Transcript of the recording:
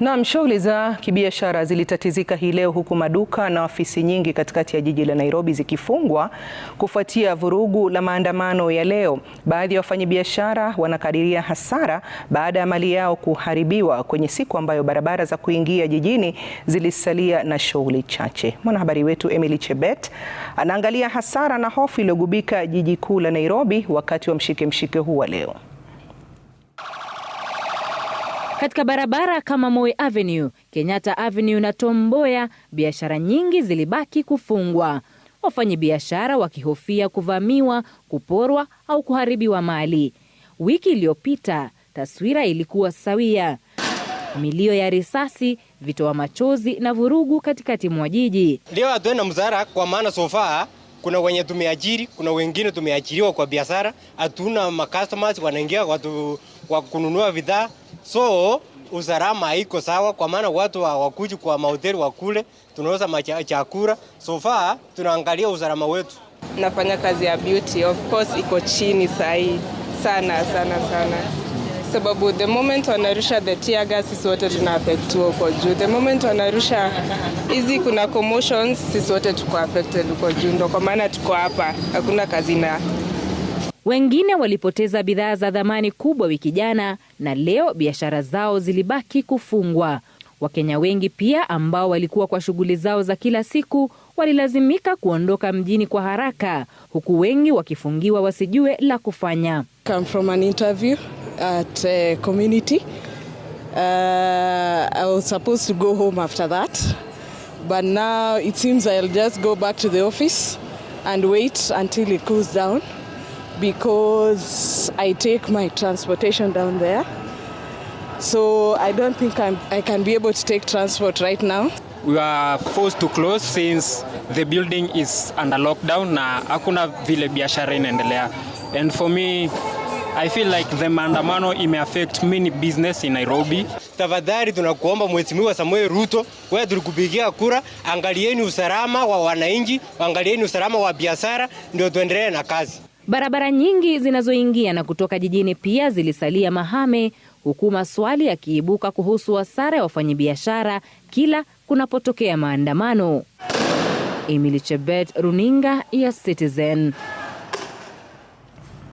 Naam, shughuli za kibiashara zilitatizika hii leo huku maduka na ofisi nyingi katikati ya jiji la Nairobi zikifungwa kufuatia vurugu la maandamano ya leo. Baadhi ya wafanyabiashara wanakadiria hasara baada ya mali yao kuharibiwa kwenye siku ambayo barabara za kuingia jijini zilisalia na shughuli chache. Mwanahabari wetu Emily Chebet anaangalia hasara na hofu iliyogubika jiji kuu la Nairobi wakati wa mshike mshike huu wa leo. Katika barabara kama Moi Avenue, Kenyatta Avenue na Tom Mboya, biashara nyingi zilibaki kufungwa, wafanyabiashara wakihofia kuvamiwa, kuporwa au kuharibiwa mali. Wiki iliyopita taswira ilikuwa sawia, milio ya risasi, vitoa machozi na vurugu katikati mwa jiji. Leo hatuenda mzara kwa maana sofa kuna wenye tumeajiri, kuna wengine tumeajiriwa kwa biashara, hatuna makastomers wanaingia watu wa kununua bidhaa So usalama haiko sawa, kwa maana watu hawakuji kwa mahoteli wakule, tunauza machakura. So far tunaangalia usalama wetu. Nafanya kazi ya beauty, of course iko chini sahi sana sana sana, sababu the moment wanarusha the tear gas, sisi wote tunaafektiwa huko juu. The moment wanarusha hizi kuna commotions, sisi wote tuko affected huko juu, ndo kwa maana tuko hapa, hakuna kazi na wengine walipoteza bidhaa za thamani kubwa wiki jana na leo biashara zao zilibaki kufungwa. Wakenya wengi pia ambao walikuwa kwa shughuli zao za kila siku walilazimika kuondoka mjini kwa haraka, huku wengi wakifungiwa wasijue la kufanya. Come from an interview at a uh, community. Uh, I was supposed to go home after that. But now it seems I'll just go back to the office and wait until it cools down because I take my transportation down there. So I don't think I'm, I can be able to take transport right now. We are forced to close since the building is under lockdown na hakuna vile biashara inaendelea. And for me, I feel like the maandamano affect many business in Nairobi. Tafadhali tunakuomba Mheshimiwa Samuel Ruto, wewe tulikupigia kura, angalieni usalama wa wananchi, angalieni usalama wa biashara ndio tuendelee na kazi. Barabara nyingi zinazoingia na kutoka jijini pia zilisalia mahame, huku maswali yakiibuka kuhusu hasara ya wafanyabiashara kila kunapotokea maandamano. Emily Chebet, runinga ya Citizen.